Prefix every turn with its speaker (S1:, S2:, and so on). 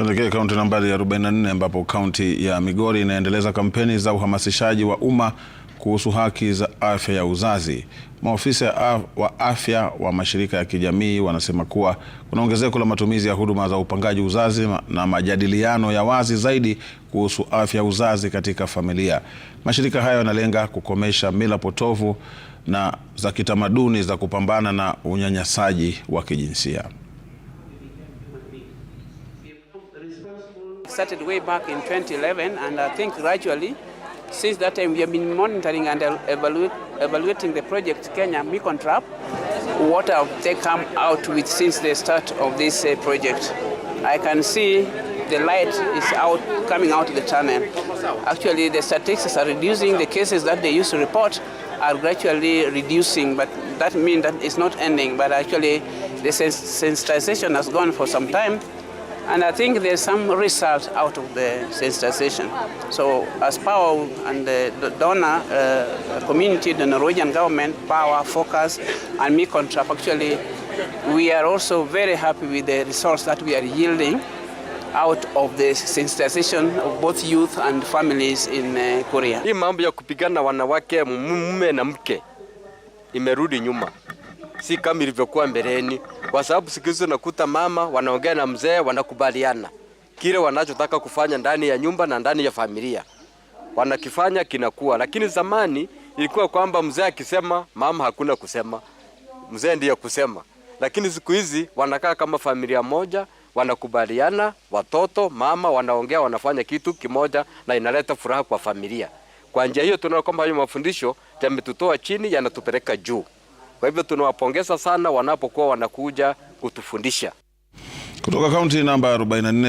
S1: Tuelekee kaunti nambari ya 44 ambapo kaunti ya Migori inaendeleza kampeni za uhamasishaji wa umma kuhusu haki za afya ya uzazi. Maofisa wa afya wa mashirika ya kijamii wanasema kuwa kuna ongezeko la matumizi ya huduma za upangaji uzazi na majadiliano ya wazi zaidi kuhusu afya ya uzazi katika familia. Mashirika hayo yanalenga kukomesha mila potovu na za kitamaduni za kupambana na unyanyasaji wa kijinsia.
S2: Started way back in 2011, and I think gradually, since that time, we have been monitoring and evaluate, evaluating the project Kenya Mekong Trap. What have they come out with since the start of this uh, project? I can see the light is out coming out of the tunnel. Actually, the statistics are reducing. The cases that they used to report are gradually reducing, but that means that it's not ending. But actually, the sensitization has gone for some time. and I think there's some result out of the sensitization. So as power and the, donor uh, uh community, the Norwegian government, power, focus, and me contract, actually, we are also very happy with the results that we are yielding out of the sensitization of both youth and families in uh, Korea.
S3: Hii mambo ya kupigana wanawake mume na mke imerudi nyuma si kama ilivyokuwa mbeleni, kwa sababu siku hizi nakuta mama wanaongea na mzee, wanakubaliana kile wanachotaka kufanya ndani ya nyumba na ndani ya familia wanakifanya kinakuwa. Lakini zamani ilikuwa kwamba mzee akisema, mama hakuna kusema, mzee ndiye kusema. Lakini siku hizi wanakaa kama familia moja, wanakubaliana, watoto mama wanaongea, wanafanya kitu kimoja, na inaleta furaha kwa familia. Kwa njia hiyo tunaona kwamba hayo mafundisho yametutoa chini, yanatupeleka juu. Kwa hivyo tunawapongeza sana wanapokuwa wanakuja kutufundisha kutoka kaunti namba 44.